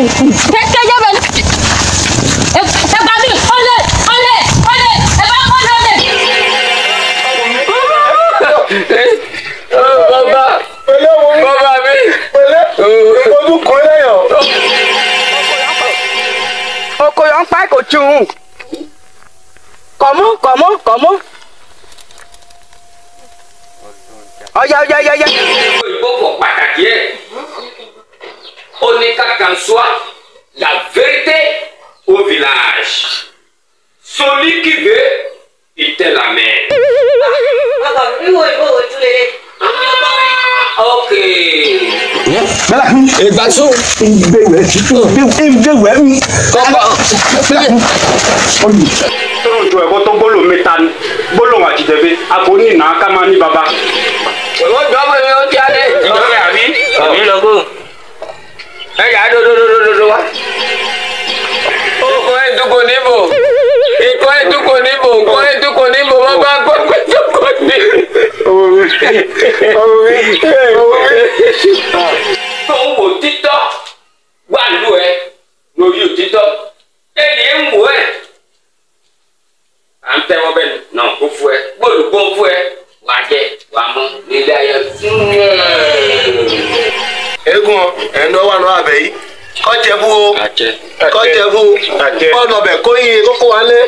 Thế cái cho mình. Sao bắn được? Ôi lên, ôi lên, ôi lên. Em bắn con hơn ờ, đi. Bàbá, pẹ̀lẹ́ wo ni? Bàbá mi. Pẹ̀lẹ́. Ojú kò lẹ́yìn. Oko yọ̀ ń pa kò tún. Kọ̀mú, kọ̀mú, kọ̀mú. Ọya, ọya, ọya, ọya. quelle qu'en soit la vérité au village. Celui qui veut, il te l'amène. Ah, ah, ah, ok. ìgbà tó. ìgbéwẹ̀ ìgbéwẹ̀ mi. wa. Nko e duko nibo. Nko e duko nibo. Nko e duko nibo. Wọ́n bá gbọ́ pé duko ni. Ọmọ mi. Ọmọ mi. Ọmọ mi. Tó ń wò títọ́ wà lù ẹ́ lórí òtítọ́. Ẹni ń wò ẹ́. À ń tẹ́ wọ́n bẹ́ẹ̀ nà kó fún ẹ. Bọ́ọ̀lù gbọ́n fún ẹ. Wà á jẹ, wà á mú nílé ayé. Eégún ẹ̀ ń lọ́wọ́ àná àbẹ̀yí kọjẹbu o kọjẹbu ọlọbẹ kóyin kókó wálé.